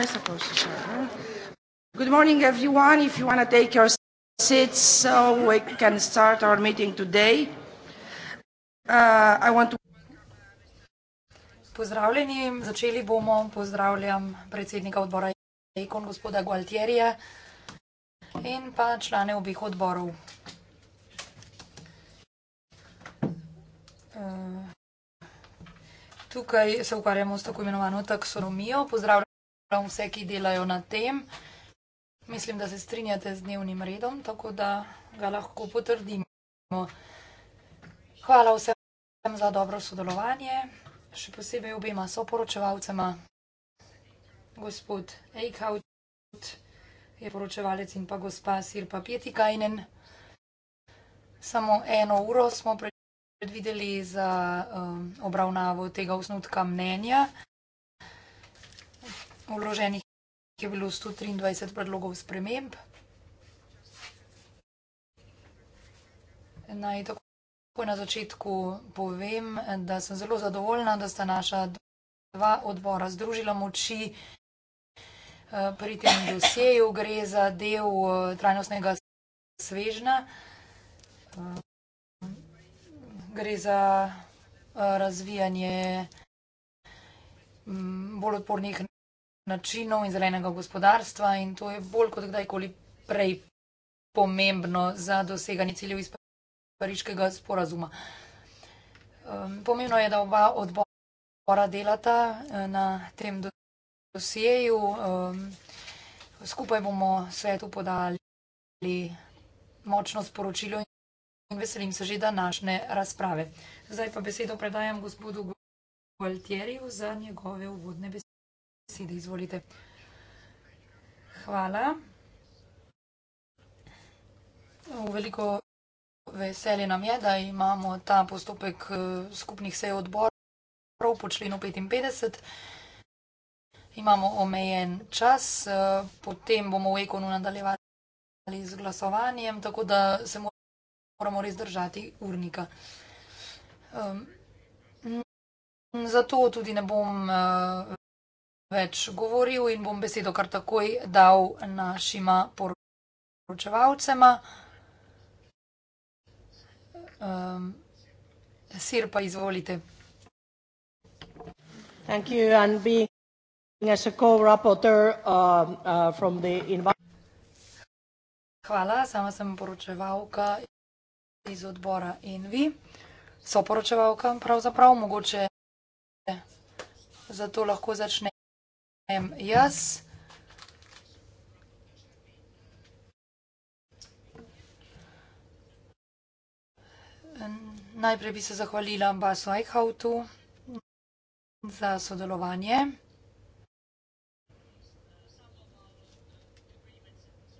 I suppose so. Huh? Good morning, everyone. If you want to take your seats so uh, we can start our meeting today, uh, I want to. Pozdravljeni, začeli bomo. Pozdravljam predsednika odbora Ekon, gospoda Gualtierija in pa člane obih odborov. Uh, tukaj se ukvarjamo s tako imenovano taksonomijo. Pozdravljam pravzaprav vse, ki delajo na tem. Mislim, da se strinjate z dnevnim redom, tako da ga lahko potrdimo. Hvala vsem za dobro sodelovanje, še posebej obema soporočevalcema. Gospod Eichhout je poročevalec in pa gospa Sirpa Pietikajnen. Samo eno uro smo predvideli za um, obravnavo tega osnutka mnenja. Vloženih je bilo 123 predlogov sprememb. Naj tako na začetku povem, da sem zelo zadovoljna, da sta naša dva odbora združila moči eh, pri tem dosjeju. Gre za del eh, trajnostnega svežna. Eh, gre za razvijanje mm, bolj odpornih načinov in zelenega gospodarstva in to je bolj kot kdajkoli prej pomembno za doseganje ciljev iz pariškega sporazuma. Um, pomembno je, da oba odbora delata eh, na tem dosjeju. Um, skupaj bomo svetu podali močno sporočilo in veselim se že današnje razprave. Zdaj pa besedo predajam gospodu Gualtjeriju za njegove uvodne besede besede, izvolite. Hvala. Veliko veselje nam je, da imamo ta postopek eh, skupnih sej odborov po členu 55. Imamo omejen čas, eh, potem bomo v ekonu nadaljevali z glasovanjem, tako da se moramo res držati urnika. Ehm, zato tudi ne bom eh, več govoril in bom besedo kar takoj dal našima poročevalcema. Um, sir pa izvolite. Thank you and being as a co-rapporteur uh, uh, from the Hvala, sama sem poročevalka iz odbora Envi. Soporočevalka pravzaprav, mogoče zato lahko začne Um, jaz. Najprej bi se zahvalila Basu Eichhautu za sodelovanje.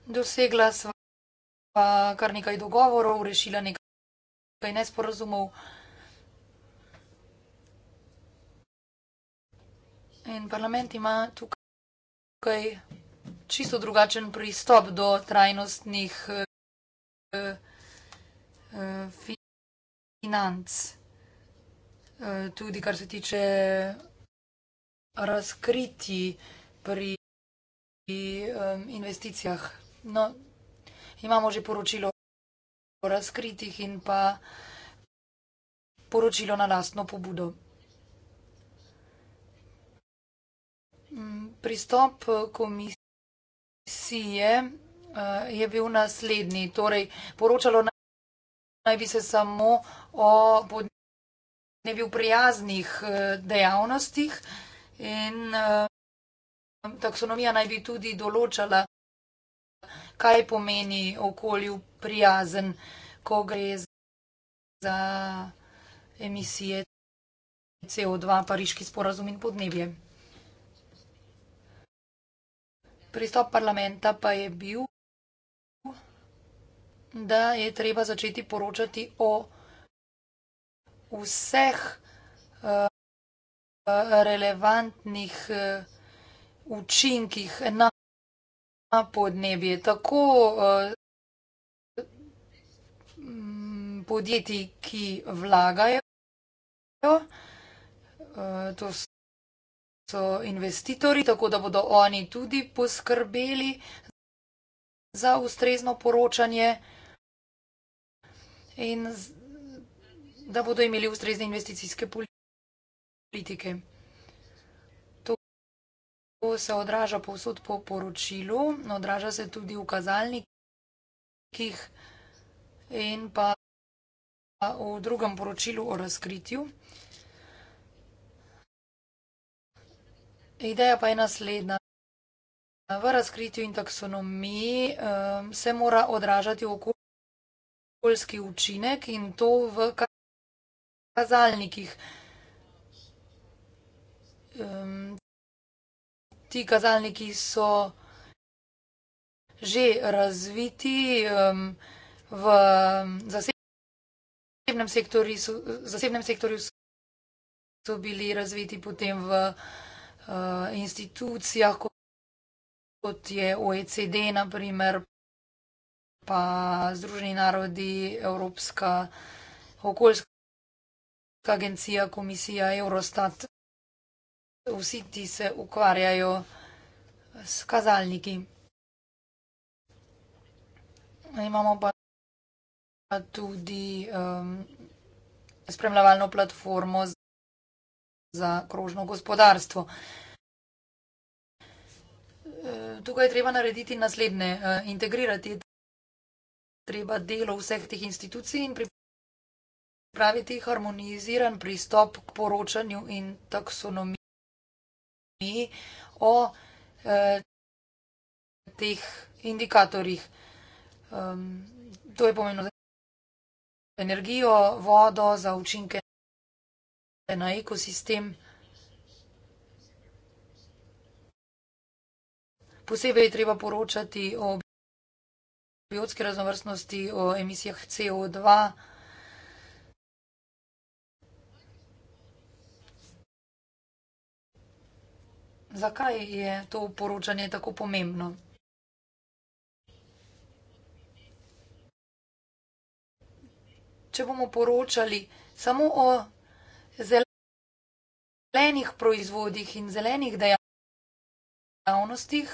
Dosegla sva kar nekaj dogovorov, rešila nekaj nesporazumov. In parlament ima tukaj čisto drugačen pristop do trajnostnih eh, eh, financ, eh, tudi kar se tiče razkriti pri eh, investicijah. No, imamo že poročilo o razkritih in pa poročilo na lastno pobudo. pristop eh, komisije eh, je bil naslednji. Torej, poročalo naj bi se samo o podnebju prijaznih eh, dejavnostih in taksonomija naj bi tudi določala, kaj pomeni okolju prijazen, ko gre za emisije CO2, pariški sporazum in podnebje. pristop parlamenta pa je bil, da je treba začeti poročati o vseh uh, relevantnih uh, učinkih na podnebje, tako uh, eh, podjetij, ki vlagajo, uh, to so investitorji, tako da bodo oni tudi poskrbeli za ustrezno poročanje in da bodo imeli ustrezne investicijske politike. To se odraža povsod po poročilu, odraža se tudi v kazalnikih in pa v drugem poročilu o razkritju. Ideja pa je naslednja. V razkritju in taksonomiji um, se mora odražati okoljski učinek in to v kazalnikih. Um, ti kazalniki so že razviti um, v zasebnem sektorju, so, zasebnem sektorju so bili razviti potem v. Eh, institucijah, kot je OECD, naprimer, pa Združeni narodi, Evropska okoljska agencija, komisija, Eurostat. Vsi ti se ukvarjajo s kazalniki. Imamo pa tudi um, spremljevalno platformo. Z za krožno gospodarstvo. E, tukaj je treba narediti naslednje. E, integrirati je treba delo vseh teh institucij in pripraviti harmoniziran pristop k poročanju in taksonomiji o e, teh indikatorjih. To je pomembno za energijo, vodo, za učinke na ekosistem. Posebej je treba poročati o biotski raznovrstnosti, o emisijah CO2. Zakaj je to poročanje tako pomembno? Če bomo poročali samo o zelenih proizvodih in zelenih dejavnostih,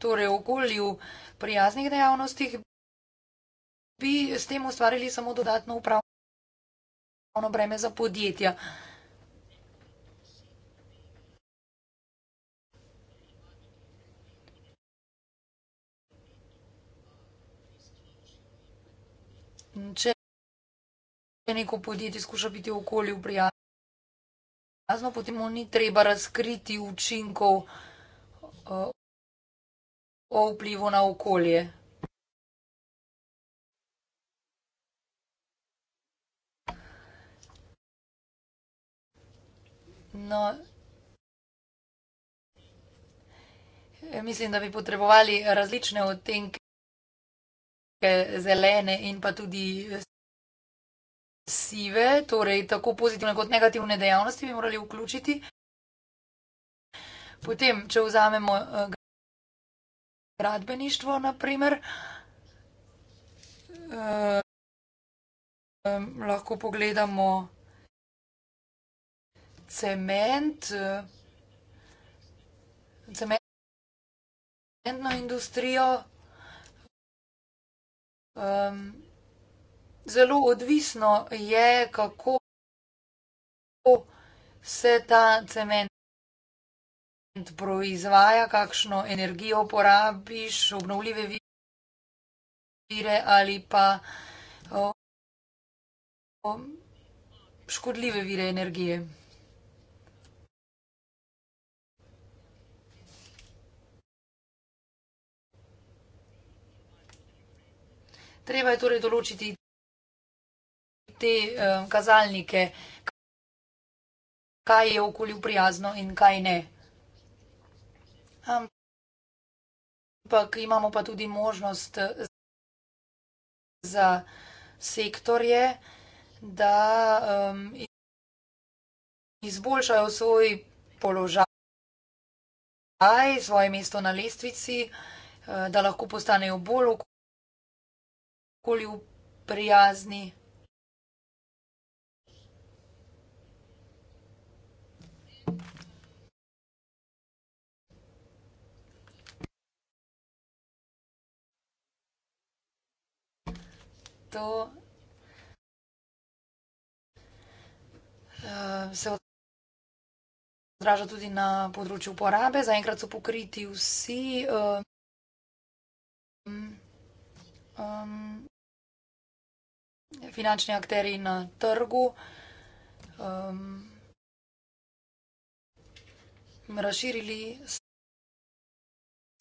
torej okolju prijaznih dejavnostih, bi s tem ustvarili samo dodatno upravno breme za podjetja. Če neko podjetje skuša biti okolju prijazno prijazno, potem mu ni treba razkriti učinkov eh, o vplivu na okolje. No, eh, mislim, da bi potrebovali različne odtenke zelene in pa tudi sive, torej tako pozitivne kot negativne dejavnosti, bi morali vključiti. Potem, če vzamemo eh, gradbeništvo, naprimer, eh, eh, lahko pogledamo cement, cementno industrijo, zelo odvisno je, kako se ta cement proizvaja, kakšno energijo porabiš, obnovljive vire ali pa škodljive vire energije. Treba je torej določiti te um, kazalnike, kaj je okolju prijazno in kaj ne. Ampak imamo pa tudi možnost za sektorje, da um, izboljšajo svoj položaj, svoje mesto na lestvici, eh, da lahko postanejo bolj okolju prijazni. to eh, se odraža tudi na področju uporabe. Zaenkrat so pokriti vsi. Um, finančni akteri na trgu. Um, razširili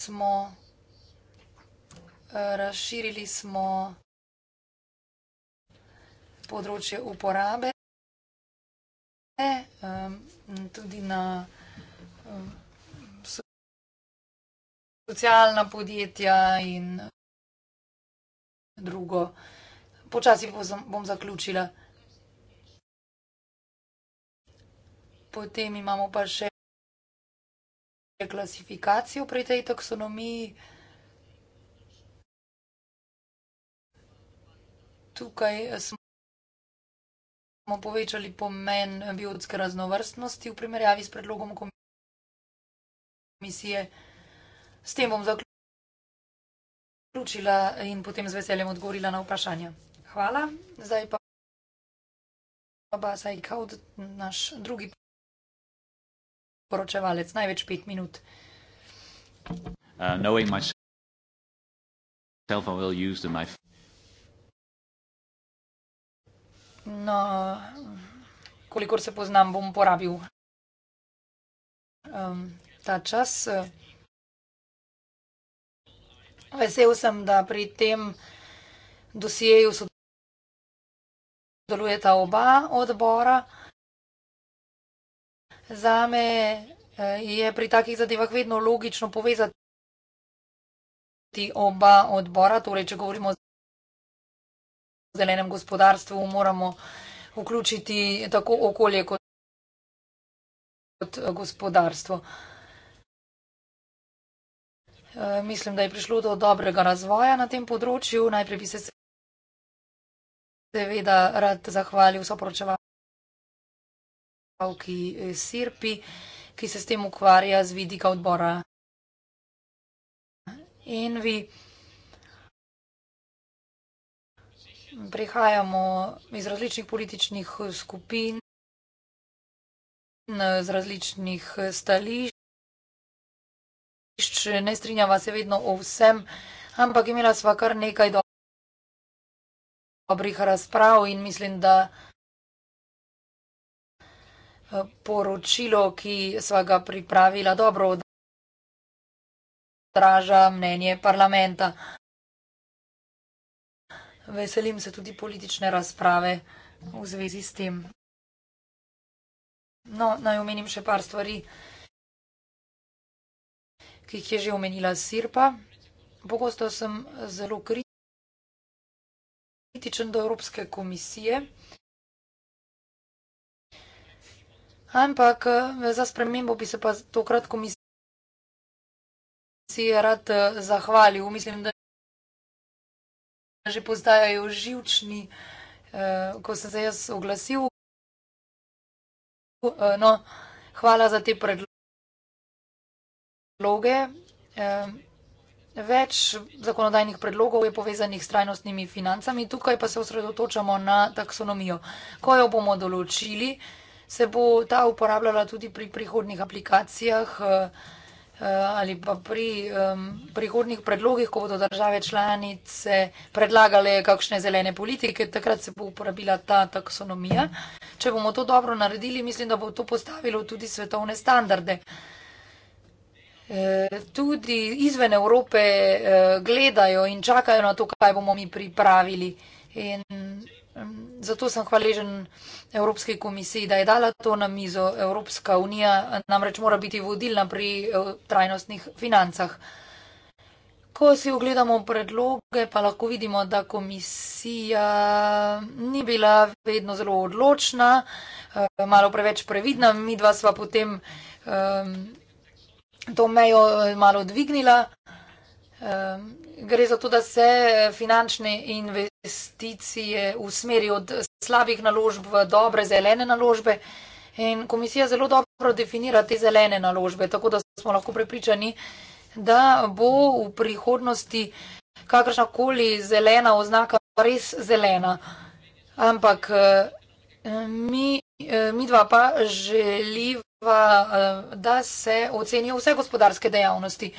smo, razširili smo področje uporabe, e, tudi na socialna podjetja in drugo. Počasi bom zaključila. Potem imamo pa še klasifikacijo pri tej taksonomiji. Tukaj smo bomo povečali pomen biotske raznovrstnosti v primerjavi s predlogom komisije. S tem bom zaključila in potem z veseljem odgovorila na vprašanja. Hvala. Zdaj pa Basaj Kaud, naš drugi poročevalec, največ pet minut. Uh, knowing myself, I will use the my No, kolikor se poznam, bom porabil um, ta čas. Vesel sem, da pri tem dosjeju sodelujeta oba odbora. Zame eh, je pri takih zadevah vedno logično povezati oba odbora, torej, če govorimo zelenem gospodarstvu moramo vključiti tako okolje kot gospodarstvo. E, mislim, da je prišlo do dobrega razvoja na tem področju. Najprej bi se seveda rad zahvalil vso poročevalki e, Sirpi, ki se s tem ukvarja z vidika odbora Envi. prihajamo iz različnih političnih skupin, iz različnih stališč. Ne strinjava se vedno o vsem, ampak imela sva kar nekaj dobrih razprav in mislim, da eh, poročilo, ki sva ga pripravila dobro, odraža mnenje parlamenta veselim se tudi politične razprave v zvezi s tem. No, naj omenim še par stvari, ki jih je že omenila Sirpa. Pogosto sem zelo kritičen do Evropske komisije, ampak eh, za spremembo bi se pa tokrat komisija rad eh, zahvalil. Mislim, da že postajajo živčni, eh, ko sem se jaz oglasil. Eh, no, hvala za te predloge. Eh, več zakonodajnih predlogov je povezanih s trajnostnimi financami, tukaj pa se osredotočamo na taksonomijo. Ko jo bomo določili, se bo ta uporabljala tudi pri prihodnih aplikacijah, ki bo vsega, Eh, ali pa pri um, prihodnih predlogih, ko bodo države članice predlagale kakšne zelene politike, takrat se bo uporabila ta taksonomija. Če bomo to dobro naredili, mislim, da bo to postavilo tudi svetovne standarde. E, tudi izven Evrope e, gledajo in čakajo na to, kaj bomo mi pripravili. In zato sem hvaležen Evropski komisiji, da je dala to na mizo. Evropska unija namreč mora biti vodilna pri eh, trajnostnih financah. Ko si ogledamo predloge, pa lahko vidimo, da komisija ni bila vedno zelo odločna, eh, malo preveč previdna. Mi dva sva potem um, to mejo eh, malo dvignila. Um, Ehm, gre za to, da se finančne investicije usmeri od slabih naložb v dobre zelene naložbe. In komisija zelo dobro definira te zelene naložbe, tako da smo lahko prepričani, da bo v prihodnosti kakršnakoli zelena oznaka res zelena. Ampak eh, mi, eh, mi dva pa želiva, eh, da se ocenijo vse gospodarske dejavnosti.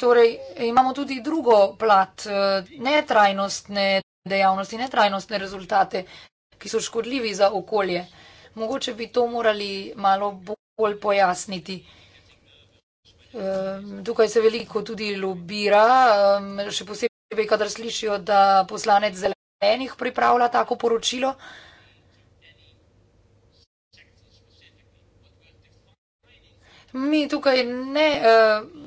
Torej, imamo tudi drugo plat, eh, ne trajnostne dejavnosti, ne trajnostne rezultate, ki so škodljivi za okolje. Mogoče bi to morali malo bolj pojasniti. Ehm, tukaj se veliko tudi lobira, ehm, še posebej, kadar slišijo, da poslanec zelenih pripravlja tako poročilo. Mi tukaj ne. Eh,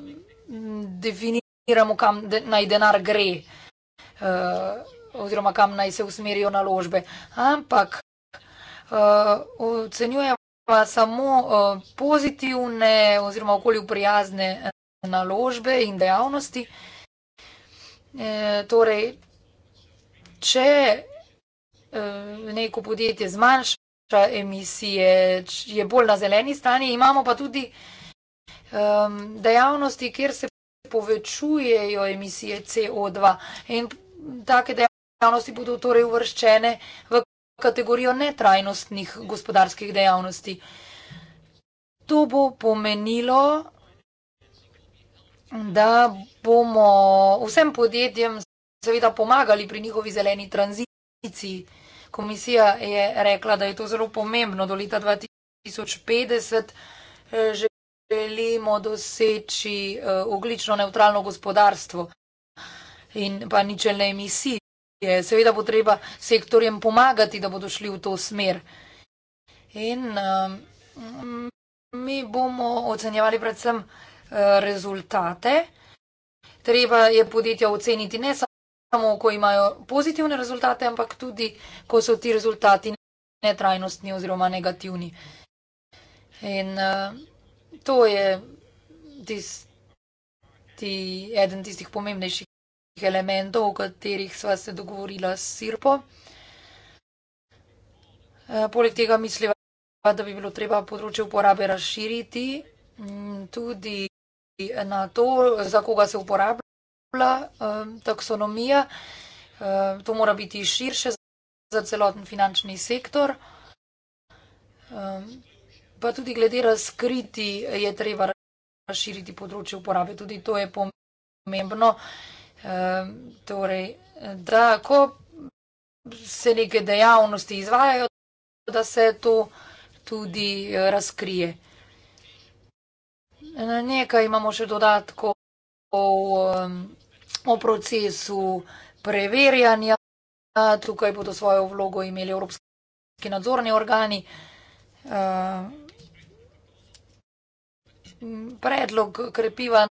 definiramo, kam de, naj denar gre, uh, oziroma kam naj se usmerijo naložbe. Ampak uh, eh, ocenjujemo samo uh, pozitivne oziroma okolju prijazne naložbe in dejavnosti. E, torej, če e, neko podjetje zmanjša emisije, je bolj na zeleni strani, imamo pa tudi e, um, dejavnosti, kjer se povečujejo emisije CO2. In take dejavnosti bodo torej uvrščene v kategorijo netrajnostnih gospodarskih dejavnosti. To bo pomenilo, da bomo vsem podjetjem seveda pomagali pri njihovi zeleni tranziciji. Komisija je rekla, da je to zelo pomembno do leta 2050 eh, že želimo doseči eh, oglično neutralno gospodarstvo in pa ničelne emisije. Seveda bo treba sektorjem pomagati, da bodo šli v to smer. In eh, mi bomo ocenjevali predvsem eh, rezultate. Treba je podjetja oceniti ne samo, ko imajo pozitivne rezultate, ampak tudi, ko so ti rezultati netrajnostni oziroma negativni. In uh, to je tisti, eden tistih pomembnejših elementov, o katerih sva se dogovorila s Sirpo. E, poleg tega misliva, da bi bilo treba področje uporabe razširiti tudi na to, za koga se uporablja e, taksonomija. E, to mora biti širše za celoten finančni sektor pa tudi glede razkriti, je treba razširiti področje uporabe. Tudi to je pomembno. E, torej, da ko se neke dejavnosti izvajajo, da se to tudi eh, razkrije. Nekaj imamo še dodatkov ehm, o procesu preverjanja. Tukaj bodo svojo vlogo imeli evropski nadzorni organi. Ehm, predlog krepiva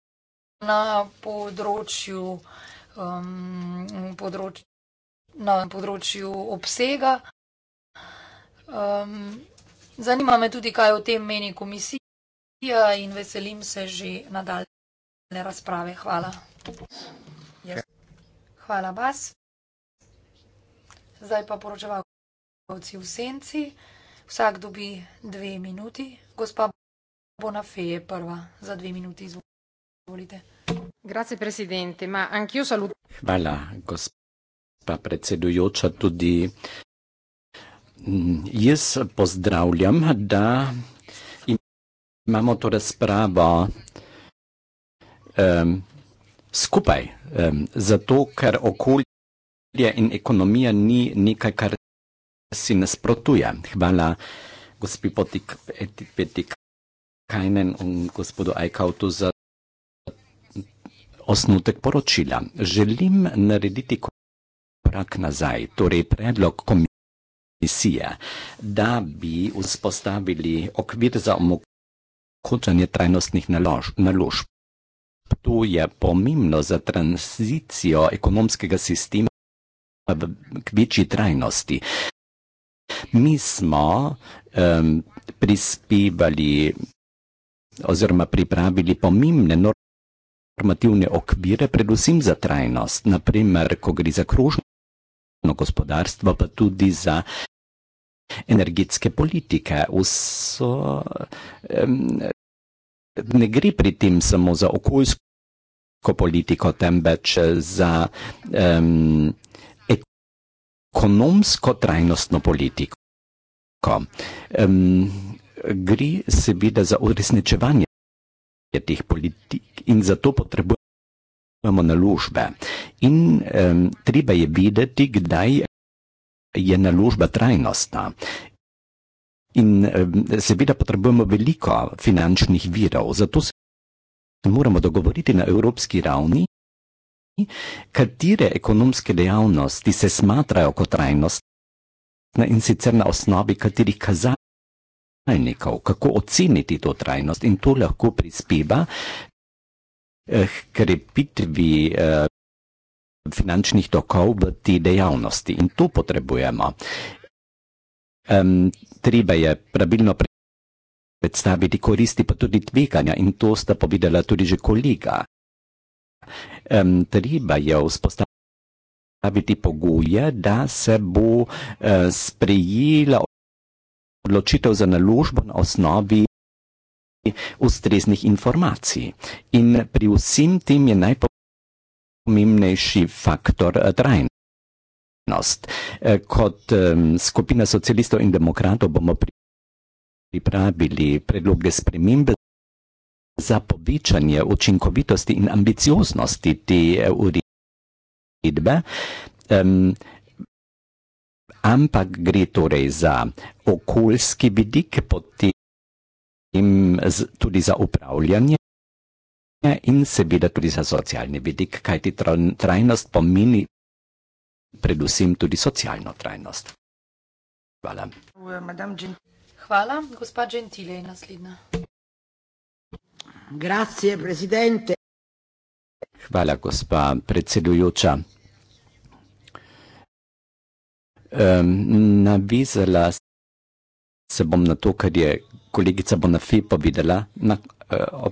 na področju, um, področ, na področju obsega. Um, zanima me tudi, kaj o tem meni komisija in veselim se že nadaljne razprave. Hvala. Yes. Ja. Hvala, Bas. Zdaj pa poročevalci v senci. Vsak dobi dve minuti. Gospa Bonafede prva za dve minuti izvolite. Grazie presidente, ma anch'io saluto. Hvala, gospa predsedujoča, tudi mm, jaz pozdravljam, da imamo to razpravo um, skupaj, um, zato ker okolje in ekonomija ni nekaj, kar si nasprotuje. Hvala, gospi Petik. Kajnen in gospodu Aikautu za osnutek poročila. Želim narediti korak nazaj, torej predlog komisije, da bi vzpostavili okvir za omogočanje trajnostnih naložb. To je pomembno za tranzicijo ekonomskega sistema k večji trajnosti. Mi smo um, prispevali oziroma pripravili pomembne normativne okvire, predvsem za trajnost, naprimer, ko gre za krožno gospodarstvo, pa tudi za energetske politike. Vso, um, ne gre pri tem samo za okoljsko politiko, temveč za um, ekonomsko trajnostno politiko. Um, gre seveda za uresničevanje teh politik in zato potrebujemo naložbe. In um, treba je vedeti, kdaj je naložba trajnostna. In um, seveda potrebujemo veliko finančnih virov, zato se moramo dogovoriti na evropski ravni, katere ekonomske dejavnosti se smatrajo kot trajnostne in sicer na osnovi katerih kazalcev kazalnikov, kako oceniti to trajnost in to lahko prispeva k krepitvi eh, finančnih tokov v te dejavnosti in to potrebujemo. Um, treba je pravilno predstaviti koristi, pa tudi tveganja in to sta povedala tudi že kolega. Um, treba je vzpostaviti pogoje, da se bo uh, sprejela odločitev za naložbo na osnovi ustreznih informacij. In pri vsem tem je najpomembnejši faktor eh, trajnost. Eh, kot skupina socialistov in demokratov bomo pripravili predloge spremembe za povečanje učinkovitosti in ambicioznosti te eh, uredbe ampak gre torej za okoljski vidik, potem tudi za upravljanje in seveda tudi za socialni vidik, kajti trajnost pomeni predvsem tudi socialno trajnost. Hvala. Hvala, gospa Gentile je naslednja. Grazie, Hvala, gospa predsedujoča um, navizala se bom na to, kar je kolegica Bonafi povedala na, uh, eh, ob,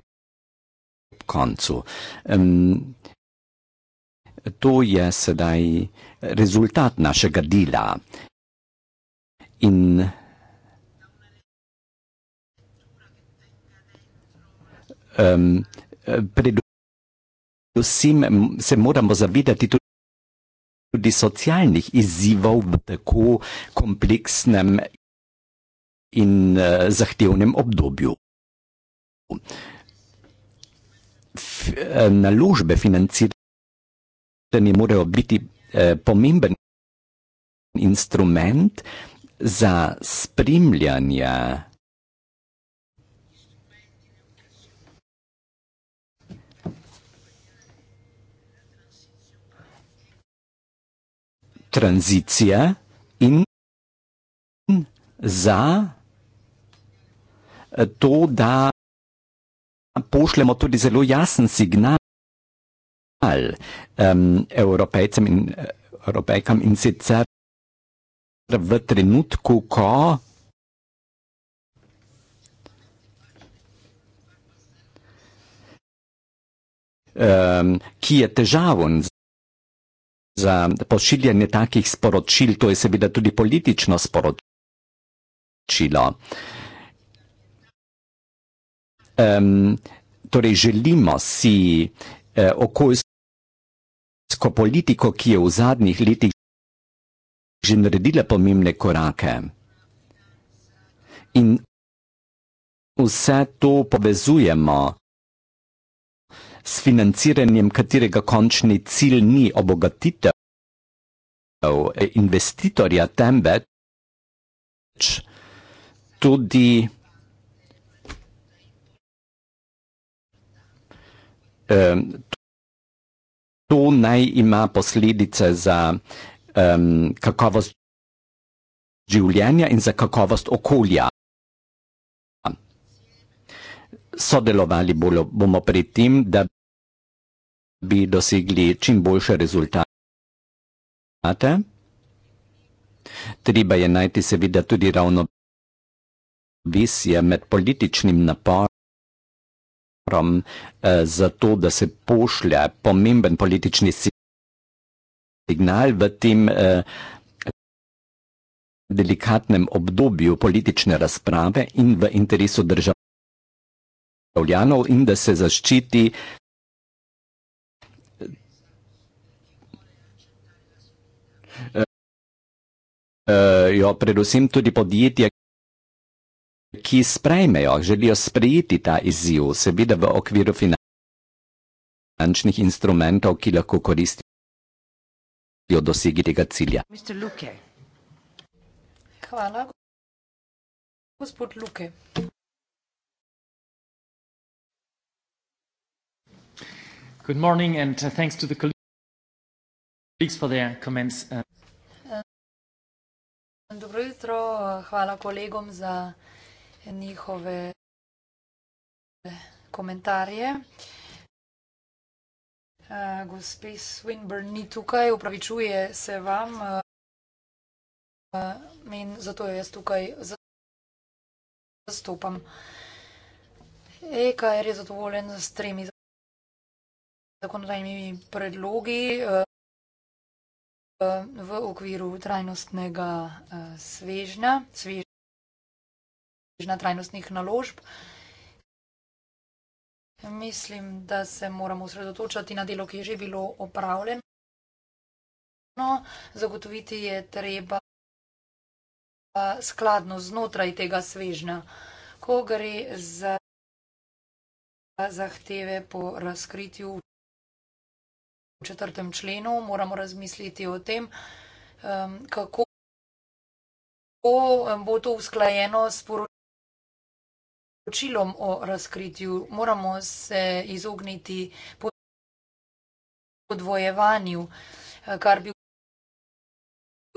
ob koncu. Um, to je sedaj rezultat našega dela in um, predvsem se moramo zavedati tudi, tudi socialnih izzivov v tako kompleksnem in uh, zahtevnem obdobju. F, uh, naložbe financiranje morajo biti uh, pomemben instrument za spremljanje tranzicije in za eh, to, da pošljemo tudi zelo jasen signal um, evropejcem in eh, evropejkam in sicer v trenutku, ko um, ki je težavon za pošiljanje takih sporočil, to je seveda tudi politično sporočilo. Um, torej, želimo si uh, okoljsko politiko, ki je v zadnjih letih že naredila pomembne korake. In vse to povezujemo s financiranjem, katerega končni cilj ni obogatitev investitorja, temveč tudi to naj ima posledice za um, kakovost življenja in za kakovost okolja. Sodelovali bomo pri tem, da bi bi dosegli čim boljše rezultate. Treba je najti seveda tudi ravno visje med političnim naporom eh, za to, da se pošlje pomemben politični signal v tem eh, delikatnem obdobju politične razprave in v interesu državljanov in da se zaščiti Eh, jo predvsem tudi podjetja, ki sprejmejo, želijo sprejeti ta izziv, seveda v okviru finančnih instrumentov, ki lahko koristijo dosegi tega cilja. Hvala. Gospod Luke. Good morning and uh, thanks to the Thanks for their comments. Uh, Dobro jutro, hvala kolegom za njihove komentarje. Uh, gospe Swinburne ni tukaj, upravičuje se vam. Uh, in zato jo jaz tukaj zastopam. EKR er je zadovoljen s tremi zakonodajnimi predlogi v okviru trajnostnega eh, svežnja, svežnja trajnostnih naložb. Mislim, da se moramo osredotočati na delo, ki je že bilo opravljeno. Zagotoviti je treba eh, skladno znotraj tega svežnja. Ko gre za zahteve po razkritju učenja, četrtem členu, moramo razmisliti o tem, kako bo to usklajeno s poročilom o razkritju. Moramo se izogniti podvojevanju, eh, kar bi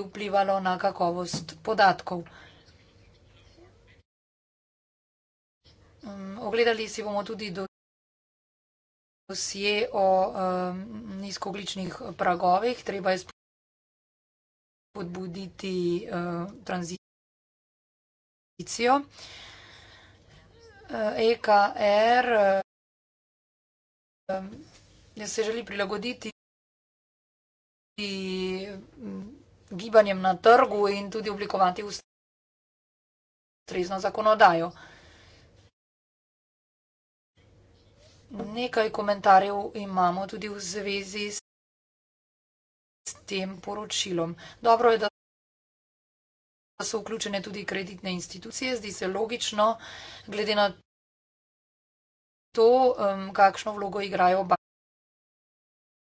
vplivalo na kakovost podatkov. Ogledali si bomo tudi do dosje o um, nizkogličnih pragovih, treba je spodbuditi uh, tranzicijo. Uh, EKR uh, um, se želi prilagoditi um, gibanjem na trgu in tudi oblikovati ustrezno zakonodajo. Nekaj komentarjev imamo tudi v zvezi s tem poročilom. Dobro je, da so vključene tudi kreditne institucije. Zdi se logično, glede na to, um, kakšno vlogo igrajo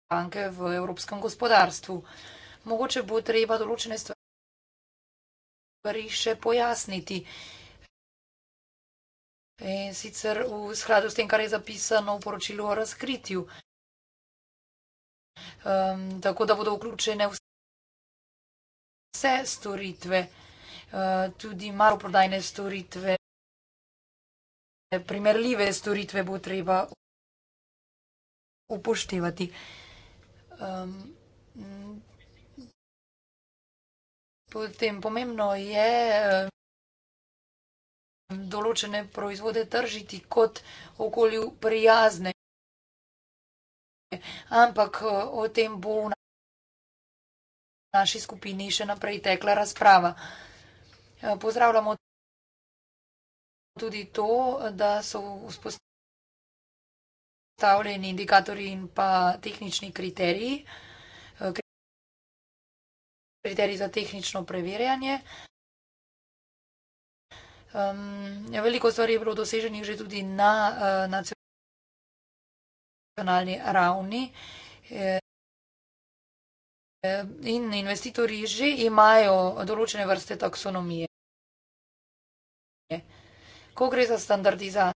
banke v evropskem gospodarstvu. Mogoče bo treba določene stvari še pojasniti. In sicer v skladu s tem, kar je zapisano v poročilu o razkritju. Um, tako da bodo vključene vse storitve, uh, tudi maloprodajne storitve, primerljive storitve bo treba upoštevati. Um, potem pomembno je. Uh, določene proizvode tržiti kot okolju prijazne. Ampak eh, o tem bo v naši skupini še naprej tekla razprava. Eh, pozdravljamo tudi to, da so vzpostavljeni indikatorji in pa tehnični kriteriji, eh, kriteriji za tehnično preverjanje. Um, ja, veliko stvari je bilo doseženih že tudi na uh, nacionalni ravni. E, in investitorji že imajo določene vrste taksonomije. Ko gre za standardizacijo,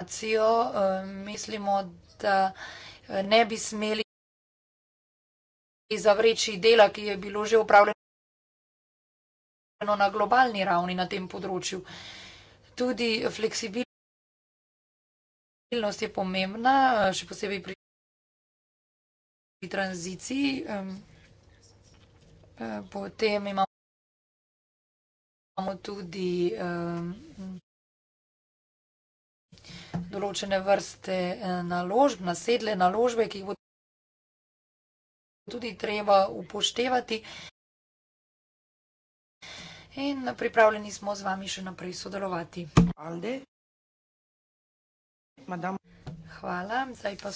e, mislimo, da ne bi smeli zavreči dela, ki je bilo že upravljeno zagotovljeno na globalni ravni na tem področju. Tudi fleksibilnost je pomembna, še posebej pri tranziciji. Eh, potem imamo tudi določene vrste eh, naložb, nasedle naložbe, ki jih bo tudi treba upoštevati in pripravljeni smo z vami še naprej sodelovati. Alde. Madam. Hvala, zdaj pa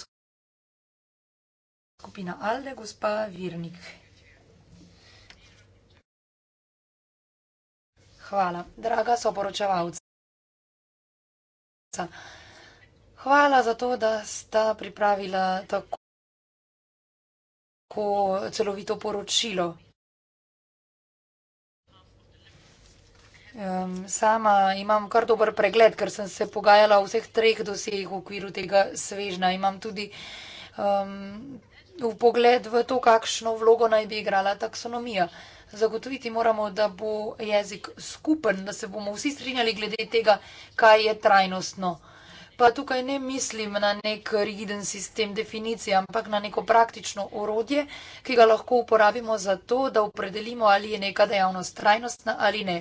skupina Alde, gospa Virnik. Hvala, draga soporočevalca. Hvala za to, da sta pripravila tako celovito poročilo. Um, sama imam kar dober pregled, ker sem se pogajala o vseh treh dosjejih v okviru tega svežna. Imam tudi um, v pogled v to, kakšno vlogo naj bi igrala taksonomija. Zagotoviti moramo, da bo jezik skupen, da se bomo vsi strinjali glede tega, kaj je trajnostno. Pa tukaj ne mislim na nek rigiden sistem definicije, ampak na neko praktično orodje, ki ga lahko uporabimo za to, da opredelimo, ali je neka dejavnost trajnostna ali ne.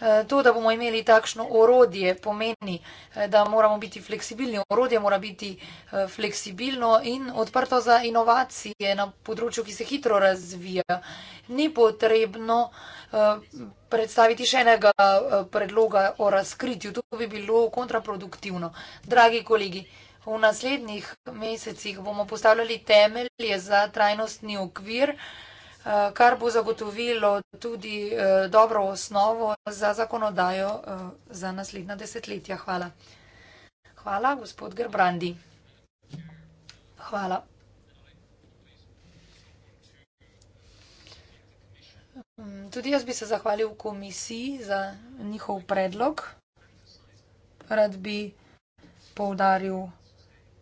Eh, to, da bomo imeli takšno orodje, pomeni, eh, da moramo biti fleksibilni. Orodje mora biti eh, fleksibilno in odprto za inovacije na področju, ki se hitro razvija. Ni potrebno predstaviti še enega predloga o razkritju. To bi bilo kontraproduktivno. Dragi kolegi, v naslednjih mesecih bomo postavljali temelje za trajnostni okvir, Eh, kar bo zagotovilo tudi eh, dobro osnovo za zakonodajo eh, za naslednja desetletja. Hvala. Hvala, gospod Gerbrandi. Hvala. Mm, tudi jaz bi se zahvalil komisiji za njihov predlog. Rad bi poudaril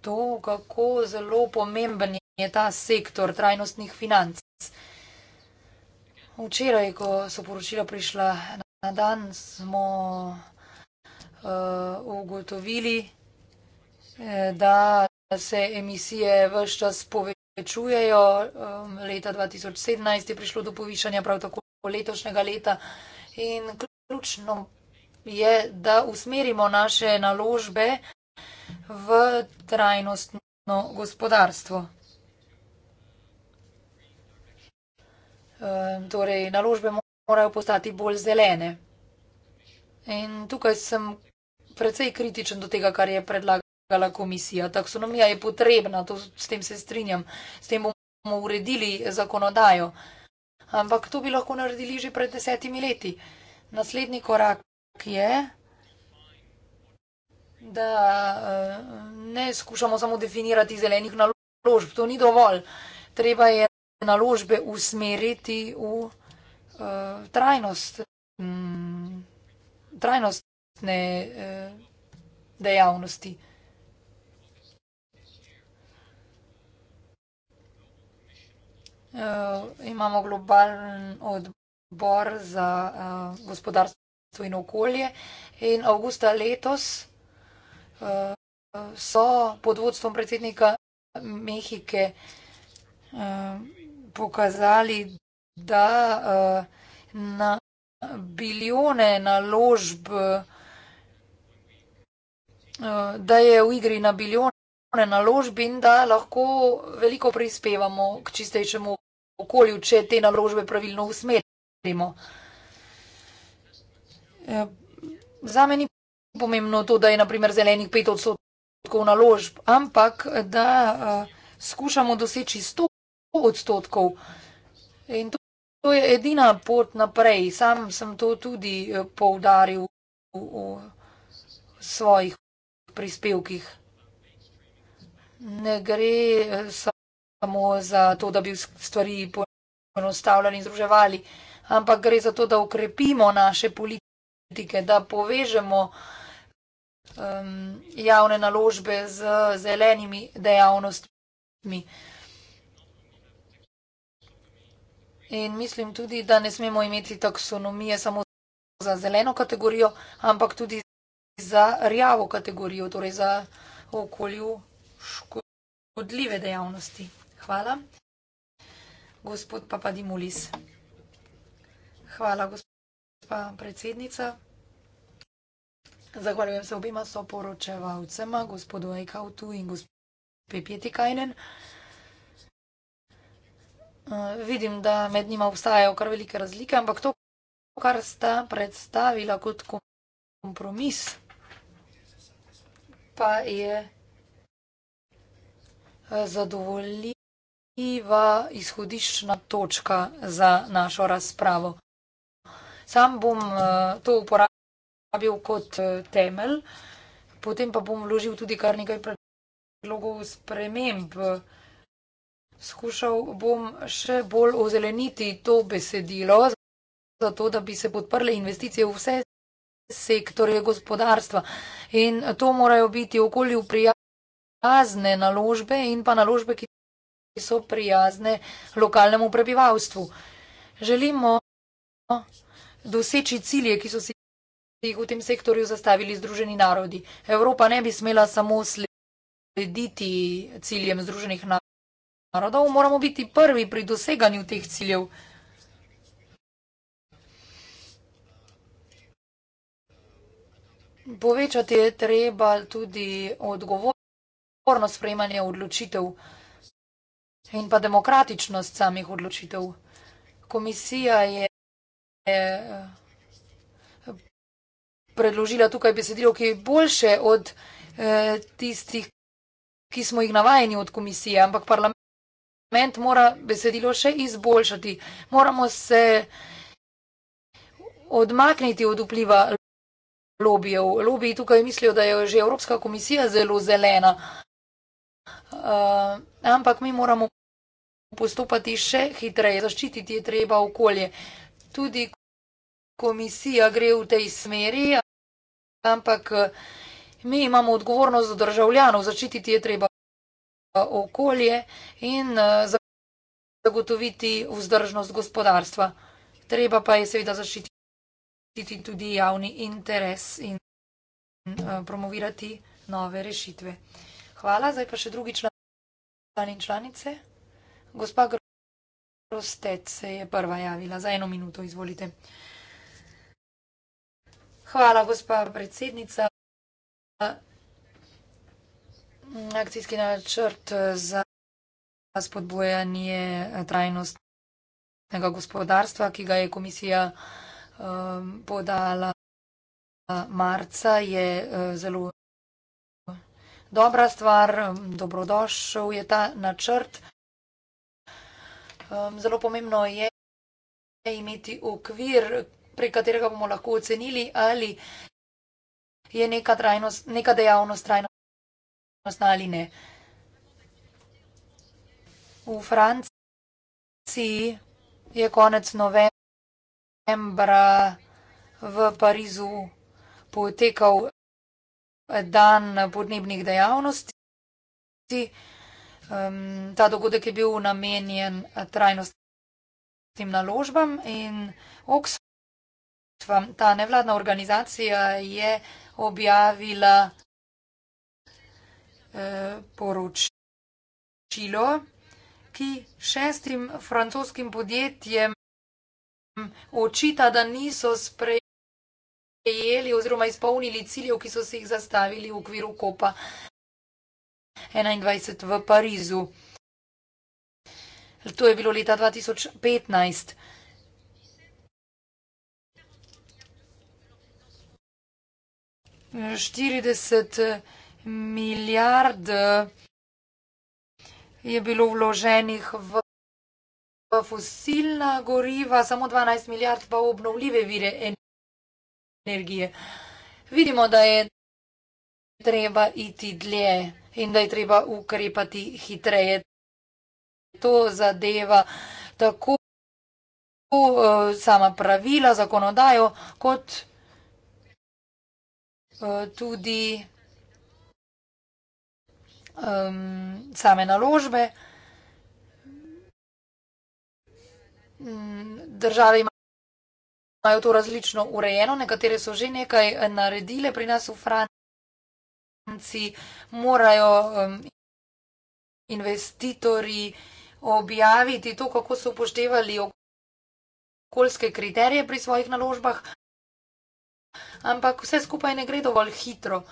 to, kako zelo pomemben je ta sektor trajnostnih financ. Včeraj, ko so poročila prišla na dan, smo uh, ugotovili, eh, da se emisije vse čas povečujejo. Um, leta 2017 je prišlo do povišanja, prav tako letošnjega leta. In ključno je, da usmerimo naše naložbe v trajnostno gospodarstvo. Ehm, torej naložbe morajo postati bolj zelene. In tukaj sem precej kritičen do tega, kar je predlagala komisija. Taksonomija je potrebna, to, s tem se strinjam, s tem bomo uredili zakonodajo. Ampak to bi lahko naredili že pred desetimi leti. Naslednji korak je, da ehm, ne skušamo samo definirati zelenih naložb. To ni dovolj. Treba je naložbe usmeriti v uh, trajnost, mm, trajnostne uh, dejavnosti. Uh, imamo globalen odbor za uh, gospodarstvo in okolje in avgusta letos uh, so pod vodstvom predsednika Mehike uh, pokazali, da eh, na bilijone naložb, eh, da je v igri na bilijone naložb in da lahko veliko prispevamo k čistejšemu okolju, če te naložbe pravilno usmerimo. Eh, Za meni pomembno to, da je naprimer zelenih pet odstotkov naložb, ampak da skušamo doseči 100 odstotkov. In to, to je edina pot naprej. Sam sem to tudi eh, poudaril v, v, v svojih prispevkih. Ne gre eh, samo za to, da bi stvari poenostavljali in združevali, ampak gre za to, da ukrepimo naše politike, da povežemo um, javne naložbe z zelenimi dejavnostmi. In mislim tudi, da ne smemo imeti taksonomije samo za zeleno kategorijo, ampak tudi za rjavo kategorijo, torej za okolju škodljive dejavnosti. Hvala. Gospod Papadimulis. Hvala, gospa predsednica. Zahvaljujem se obima soporočevalcema, gospodu Eikautu in gospod Pepjeti Kajnen. Eh, vidim, da med njima obstajajo kar velike razlike, ampak to, kar sta predstavila kot kompromis, pa je eh, zadovoljiva izhodiščna točka za našo razpravo. Sam bom eh, to uporabil kot temelj, potem pa bom vložil tudi kar nekaj predlogov sprememb skušal bom še bolj ozeleniti to besedilo, zato da bi se podprle investicije v vse sektorje gospodarstva. In to morajo biti okolju prijazne naložbe in pa naložbe, ki so prijazne lokalnemu prebivalstvu. Želimo doseči cilje, ki so si jih v tem sektorju zastavili Združeni narodi. Evropa ne bi smela samo slediti ciljem Združenih narodov narodov, moramo biti prvi pri doseganju teh ciljev. Povečati je treba tudi odgovorno sprejemanje odločitev in pa demokratičnost samih odločitev. Komisija je eh, predložila tukaj besedilo, ki je boljše od eh, tistih, ki smo jih navajeni od komisije, ampak parlament parlament mora besedilo še izboljšati. Moramo se odmakniti od vpliva lobijev. Lobiji tukaj mislijo, da je že Evropska komisija zelo zelena. Uh, ampak mi moramo postopati še hitreje, zaščititi je treba okolje. Tudi komisija gre v tej smeri, ampak eh, mi imamo odgovornost do državljanov, zaščititi je treba okolje in eh, zagotoviti vzdržnost gospodarstva. Treba pa je seveda zaščititi tudi javni interes in eh, promovirati nove rešitve. Hvala, zdaj pa še drugi člani in članice. Gospa Grostec se je prva javila, za eno minuto izvolite. Hvala, gospa predsednica akcijski načrt za spodbojanje trajnostnega gospodarstva, ki ga je komisija um, podala marca, je uh, zelo dobra stvar, um, dobrodošel je ta načrt. Um, zelo pomembno je imeti okvir, prek katerega bomo lahko ocenili, ali je neka, trajnost, neka dejavnost trajnostna ostali ne. V Franciji je konec novembra v Parizu potekal dan podnebnih dejavnosti. Ta dogodek je bil namenjen trajnostnim naložbam in Oxfam, ta nevladna organizacija, je objavila poročilo, ki šestim francoskim podjetjem očita, da niso sprejeli oziroma izpolnili ciljev, ki so si jih zastavili v okviru kopa 21 v Parizu. To je bilo leta 2015. Štirideset 40 milijard eh, je bilo vloženih v fosilna goriva, samo 12 milijard pa v obnovljive vire energije. Vidimo, da je treba iti dlje in da je treba ukrepati hitreje. To zadeva tako eh, sama pravila, zakonodajo, kot eh, tudi um, same naložbe. Mm, države imajo to različno urejeno, nekatere so že nekaj eh, naredile pri nas v Franciji, morajo um, investitorji objaviti to, kako so upoštevali okoljske kriterije pri svojih naložbah, ampak vse skupaj ne gre dovolj hitro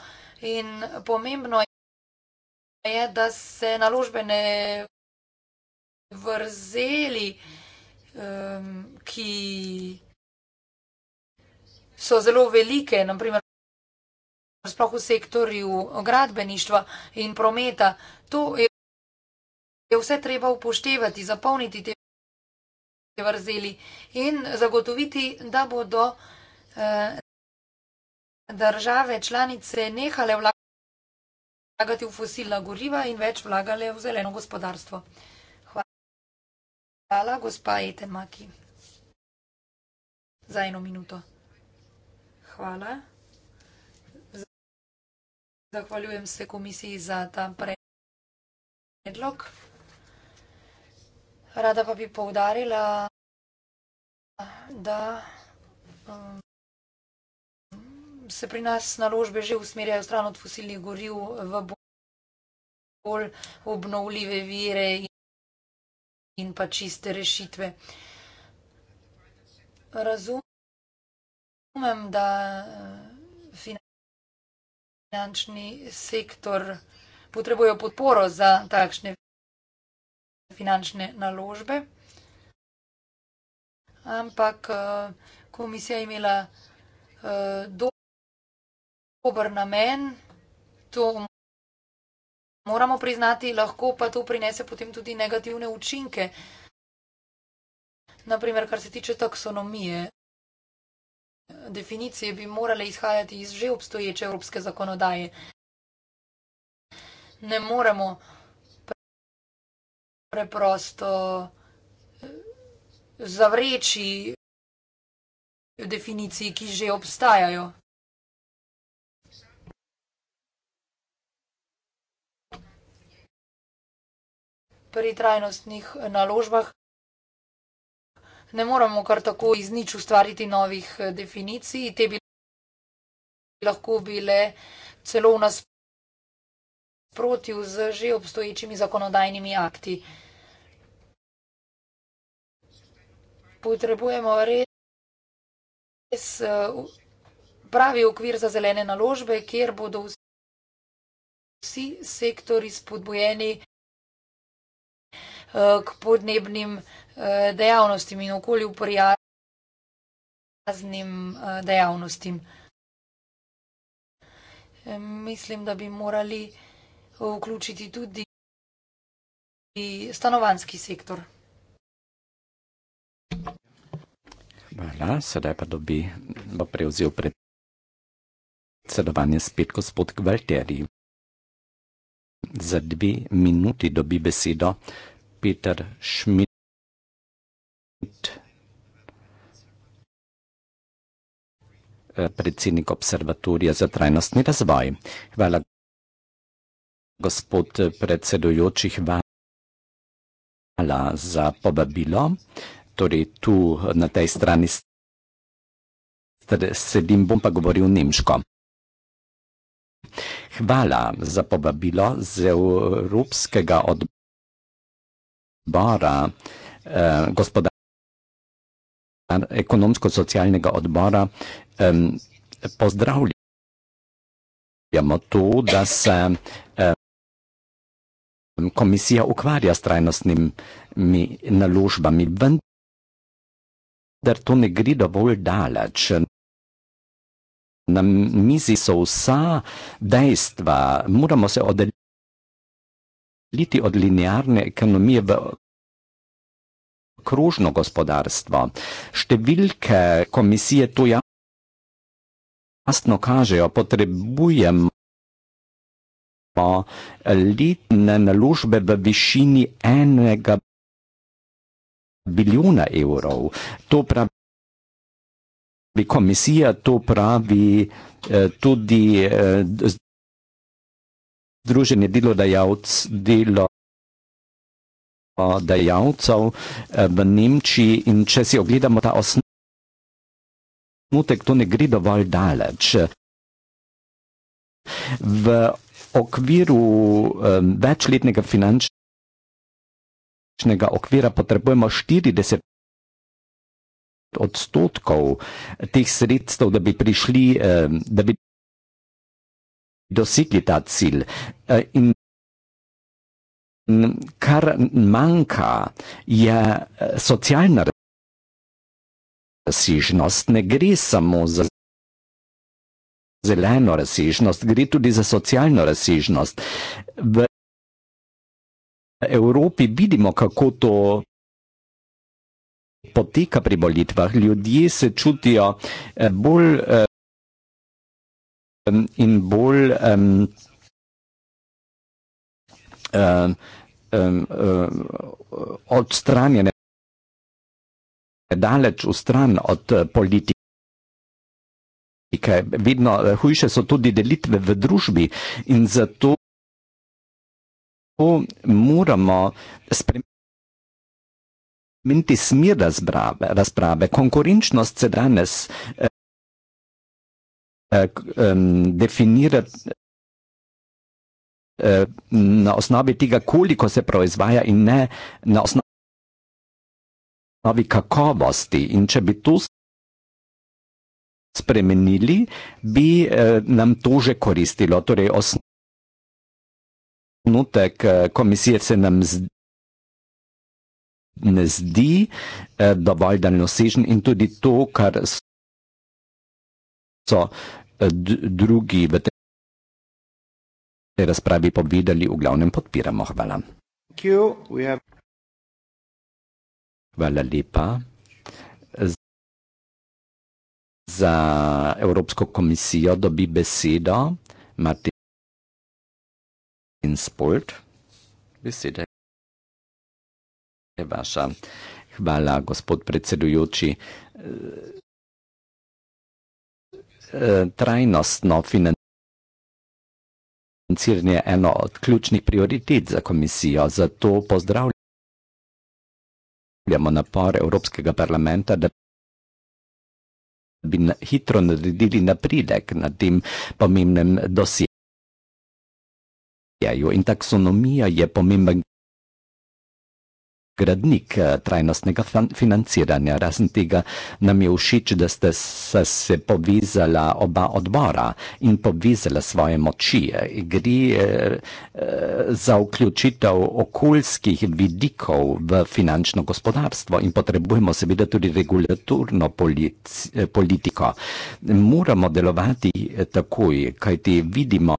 in pomembno je je, da se naložbene vrzeli, um, ki so zelo velike, naprimer, sploh v sektorju gradbeništva in prometa, to je, je vse treba upoštevati, zapolniti te vrzeli in zagotoviti, da bodo uh, države članice nehale vlagati vlagati v fosilna goriva in več vlagale v zeleno gospodarstvo. Hvala, gospa Eten Maki. Za eno minuto. Hvala. Zahvaljujem se komisiji za ta predlog. Rada pa bi povdarila, da um, se pri nas naložbe že usmerjajo stran od fosilnih goriv v bolj obnovljive vire in pa čiste rešitve. Razumem, da finančni sektor potrebuje podporo za takšne finančne naložbe, ampak eh, komisija je imela dobro, eh, dober namen, to moramo priznati, lahko pa to prinese potem tudi negativne učinke. Naprimer, kar se tiče taksonomije, definicije bi morale izhajati iz že obstoječe evropske zakonodaje. Ne moremo preprosto eh, zavreči definiciji, ki že obstajajo. pri trajnostnih eh, naložbah. Ne moremo kar tako iz nič ustvariti novih eh, definicij, te bi lahko bile celo v nasprotju z že obstoječimi zakonodajnimi akti. Potrebujemo res eh, pravi okvir za zelene naložbe, kjer bodo vsi sektori spodbojeni k podnebnim eh, dejavnostim in okolju prijaznim eh, dejavnostim. Mislim, da bi morali vključiti tudi stanovanski sektor. Hvala, sedaj pa dobi, bo prevzel predsedovanje spet gospod Gvalteri. Za dve minuti dobi besedo. Peter Schmidt, eh, predsednik Observatorija za trajnostni razvoj. Hvala, gospod predsedujoči, hvala za povabilo. Torej, tu na tej strani sedim, bom pa govoril nemško. Hvala za povabilo z Evropskega odbora odbora eh, ekonomsko-socijalnega odbora pozdravljamo tu, da se komisija ukvarja s trajnostnimi naložbami, vendar to ne gre dovolj daleč. Na mizi so vsa dejstva, moramo se odeliti deliti od linearne ekonomije v krožno gospodarstvo. Številke komisije to ja- jasno kažejo, potrebujemo litne naložbe v višini enega biljona evrov. To pravi komisija, to pravi eh, tudi. Eh, Združenje delodajalc, delo dajalcev eh, v Nemčiji in če si ogledamo ta osnutek, to ne gre dovolj daleč. V okviru eh, večletnega finančnega okvira potrebujemo 40 odstotkov teh sredstev, da bi prišli, eh, da bi prišli, dosegli ta cilj. E, in kar manjka, je e, socialna razsežnost. Ne gre samo za zeleno razsežnost, gre tudi za socialno razsežnost. V Evropi vidimo, kako to poteka pri volitvah. Ljudje se čutijo e, bolj. Ähm, in bolj um, um, um, um, odstranjene, daleč v stran od äh, politike. Kaj, vidno äh, hujše so tudi delitve v družbi in zato moramo spremeniti smer razprave. Konkurenčnost se danes. Eh, um, definirati eh, na osnovi tega, koliko se proizvaja in ne na osnovi kakovosti. In če bi to spremenili, bi eh, nam to že koristilo. Torej, osnutek komisije se nam ne zdi dovolj daljnosežen in tudi to, kar so so eh, drugi v tej razpravi povedali, v glavnem podpiramo. Hvala. Hvala lepa za Evropsko komisijo dobi besedo Martin Spolt. Beseda je vaša. Hvala, gospod predsedujoči eh, trajnostno financiranje eno od ključnih prioritet za komisijo, zato pozdravljamo napor Evropskega parlamenta, da bi na, hitro naredili napredek na tem pomembnem dosjeju. In taksonomija je pomemben gradnik eh, trajnostnega financiranja. Razen tega nam je všeč, da ste se povezala oba odbora in povezala svoje moči. Gre eh, eh, za vključitev okoljskih vidikov v finančno gospodarstvo in potrebujemo seveda tudi regulatorno politiko. Moramo delovati takoj, kajti vidimo,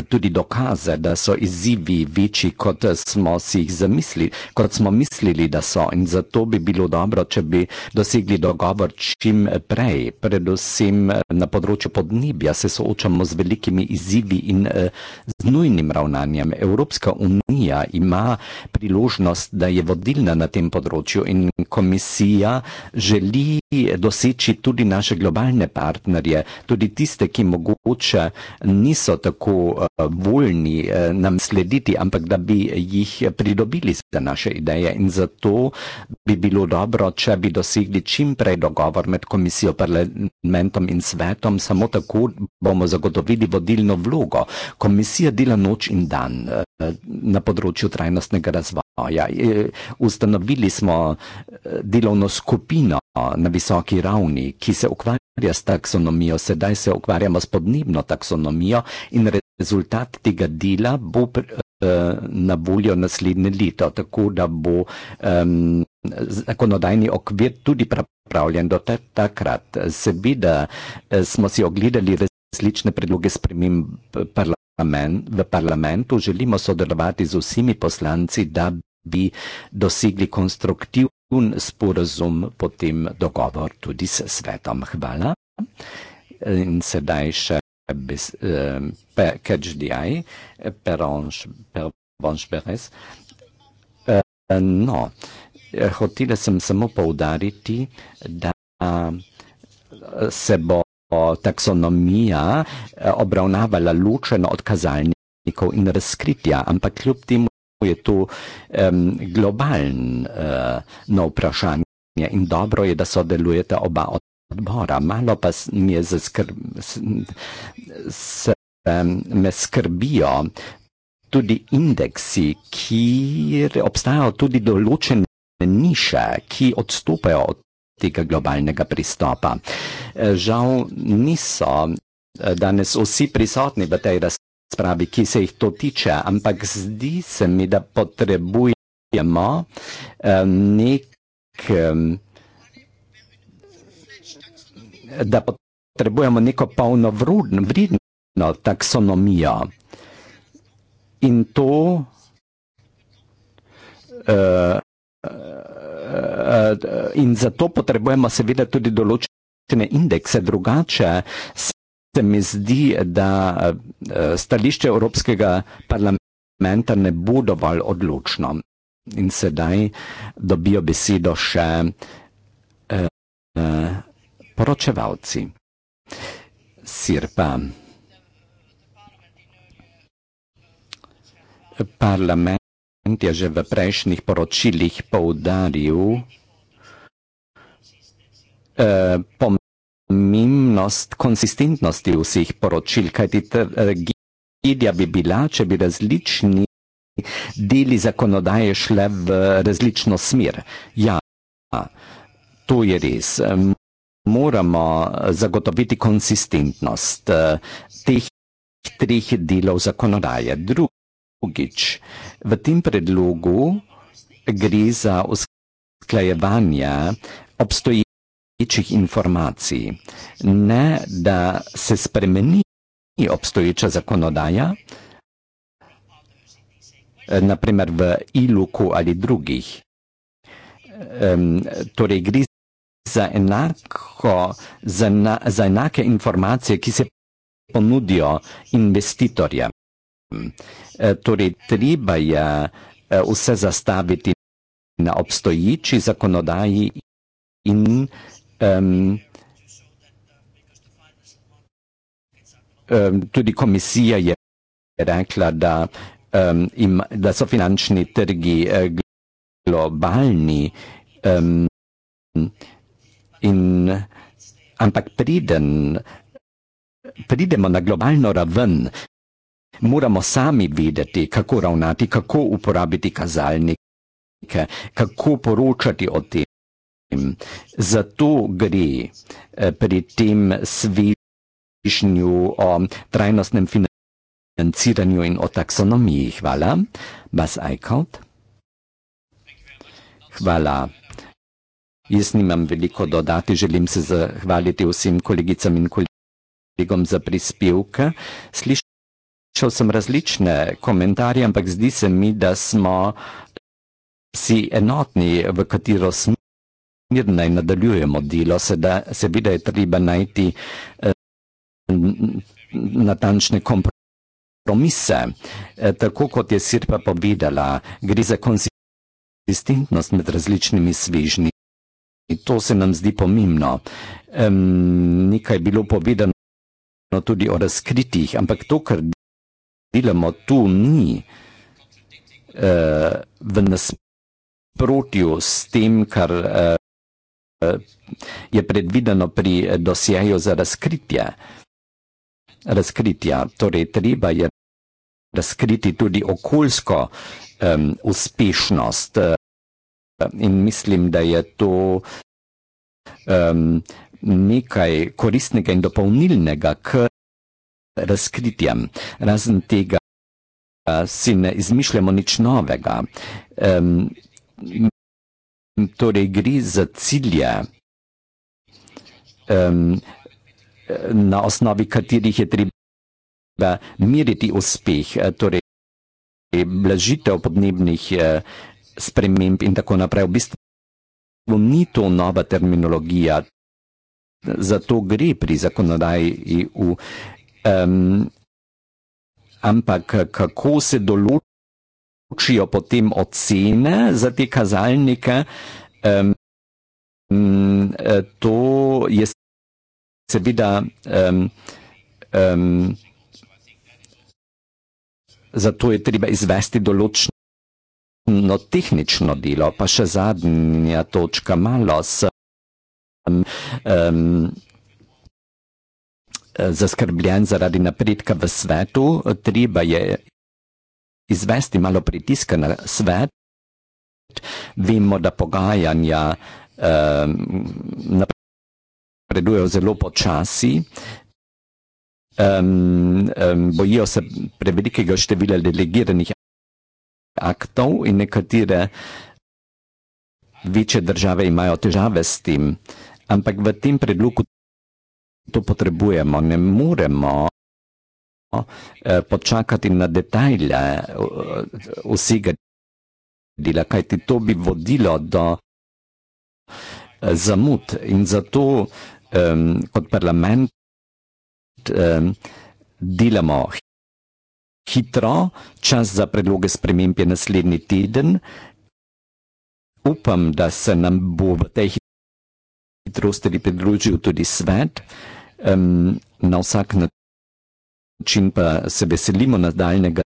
tudi dokaze, da so izzivi večji, kot smo si jih zamislili, kot smo mislili, da so. In zato bi bilo dobro, če bi dosegli dogovor čim prej. Predvsem eh, na področju podnebja se soočamo z velikimi izzivi in eh, z nujnim ravnanjem. Evropska unija ima priložnost, da je vodilna na tem področju in komisija želi doseči tudi naše globalne partnerje, tudi tiste, ki mogoče niso tako eh, voljni eh, nam slediti, ampak da bi jih pridobili za naše ideje. In zato bi bilo dobro, če bi dosegli čim prej dogovor med komisijo, parlamentom in svetom, samo tako bomo zagotovili vodilno vlogo. Komisija dela noč in dan eh, na področju trajnostnega razvoja. Ja, e, ustanovili smo e, delovno skupino na visoki ravni, ki se ukvarja s taksonomijo, sedaj se ukvarjamo s podnebno taksonomijo in rezultat tega dela bo e, na voljo naslednje leto, tako da bo um, zakonodajni okvir tudi pripravljen do takrat. Seveda smo si ogledali različne predloge spremem parlamentu amen, v parlamentu želimo sodelovati z vsemi poslanci, da bi dosegli konstruktivn sporozum, potem dogovor tudi s svetom. Hvala. In sedaj še bez, eh, KGDI, Peronš Beres. Eh, no, eh, hotela sem samo poudariti, da eh, se bo taksonomija eh, obravnavala ločeno od kazalnikov in razkritja, ampak kljub temu je to um, globalno eh, no uh, vprašanje in dobro je, da sodelujete oba odbora. Malo pa mi je um, skrbijo tudi indeksi, kjer obstajajo tudi določene niše, ki odstopajo od tega globalnega pristopa. E, žal niso e, danes vsi prisotni v tej razpravi, ki se jih to tiče, ampak zdi se mi, da potrebujemo e, nek. Da potrebujemo neko polno vredno taksonomijo. In to uh, Eh, eh, in zato potrebujemo seveda tudi določene indekse drugače. Se mi zdi, da eh, stališče Evropskega parlamenta ne bo dovolj odločno. In sedaj dobijo besedo še eh, poročevalci. Sir pa. Parlament parlament je že v prejšnjih poročilih poudaril eh, pomembnost konsistentnosti vseh poročil, kajti tragedija eh, bi bila, če bi različni deli zakonodaje šle v različno smer. Ja, to je res. Moramo zagotoviti konsistentnost eh, teh treh delov zakonodaje. Drugi drugič. V tem predlogu gre za usklajevanje obstoječih informacij, ne da se spremeni obstoječa zakonodaja, naprimer v ILUKU ali drugih. Torej gre za, enako, za, za enake informacije, ki se ponudijo investitorjem. Eh, torej treba je eh, vse zastaviti na obstoječi zakonodaji in um, um, tudi komisija je rekla, da, um, im, da so finančni trgi eh, globalni um, in ampak priden, pridemo na globalno raven, Moramo sami vedeti, kako ravnati, kako uporabiti kazalnike, kako poročati o tem. Zato gre eh, pri tem svetišnju o trajnostnem financiranju in o taksonomiji. Hvala. Bas Eichhout. Hvala. Jaz nimam veliko dodati, želim se zahvaliti vsem kolegicam in kolegom za prispevke. Slišal sem različne komentarje, ampak zdi se mi, da smo vsi enotni, v katero smer naj nadaljujemo delo. Seveda je treba najti eh, natančne kompromise. Eh, tako kot je Sirpa povedala, gre za konsistentnost med različnimi svežnji. To se nam zdi pomembno. Um, nekaj je bilo povedano tudi o razkritjih, ampak to, kar delamo, to ni uh, v nasprotju s tem, kar uh, je predvideno pri dosjeju za razkritje. razkritja. Torej, treba je razkriti tudi okoljsko um, uspešnost uh, in mislim, da je to um, nekaj koristnega in dopolnilnega k razkritjem. Razen tega si ne izmišljamo nič novega. Um, torej gre za cilje, um, na osnovi katerih je treba meriti uspeh, torej blažitev podnebnih e, sprememb in tako naprej. V bistvu ni to nova terminologija, zato gre pri zakonodaji v e Um, ampak kako se določijo potem ocene za te kazalnike, um, to je seveda. Um, um, Zato je treba izvesti določeno tehnično delo, pa še zadnja točka, malo sem um, Eh, zaskrbljen zaradi napredka v svetu, treba je izvesti malo pritiska na svet. Vemo, da pogajanja um, napredujejo zelo počasi. Um, um, bojijo se prevelikega števila delegiranih aktov in nekatere večje države imajo težave s tem. Ampak v tem predlogu to potrebujemo, ne moremo eh, počakati na detajle vsega eh, dela, kajti to bi vodilo do eh, zamud in zato um, kot parlament um, delamo hitro, čas za predloge sprememb je naslednji teden. Upam, da se nam bo v tej hitrosti hitrosti pridružil tudi svet. Um, na vsak način pa se veselimo nadaljnega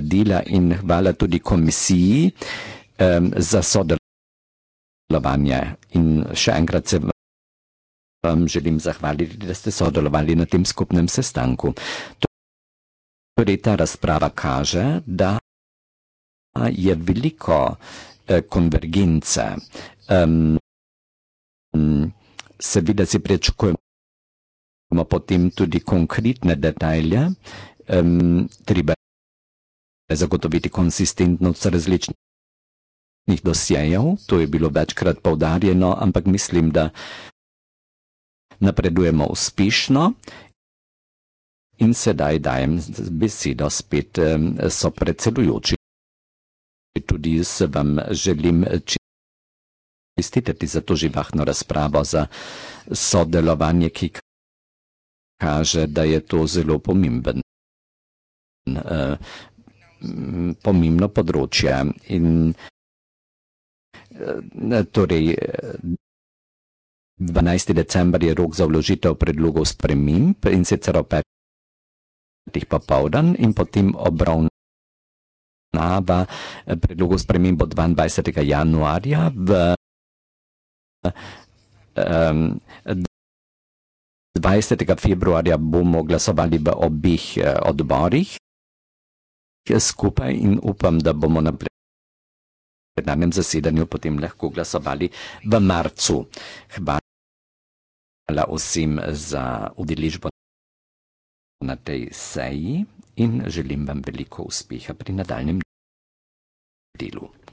dela in hvala tudi komisiji um, za sodelovanje. In še enkrat se vam želim zahvaliti, da ste sodelovali na tem skupnem sestanku. Torej, ta razprava kaže, da je veliko eh, konvergence. Um, Seveda si prečakujemo potem tudi konkretne detajle, um, treba je zagotoviti konsistentnost različnih dosjejev, to je bilo večkrat povdarjeno, ampak mislim, da napredujemo uspešno. In sedaj dajem besedo spet so predsedujoči. Tudi jaz vam želim čim izkoristiti za to živahno razpravo, za sodelovanje, ki kaže, da je to zelo pomemben, eh, pomembno področje. In eh, torej, 12. december je rok za vložitev predlogov sprememb in sicer ob petih popovdan in potem obravn eh, predlogu spremembo 22. januarja v um, ehm, 20. februarja bomo glasovali v obih eh, odborih skupaj in upam, da bomo na plenarnem zasedanju potem lahko glasovali v marcu. Hvala vsem za udeležbo na tej seji in želim vam veliko uspeha pri nadaljem delu.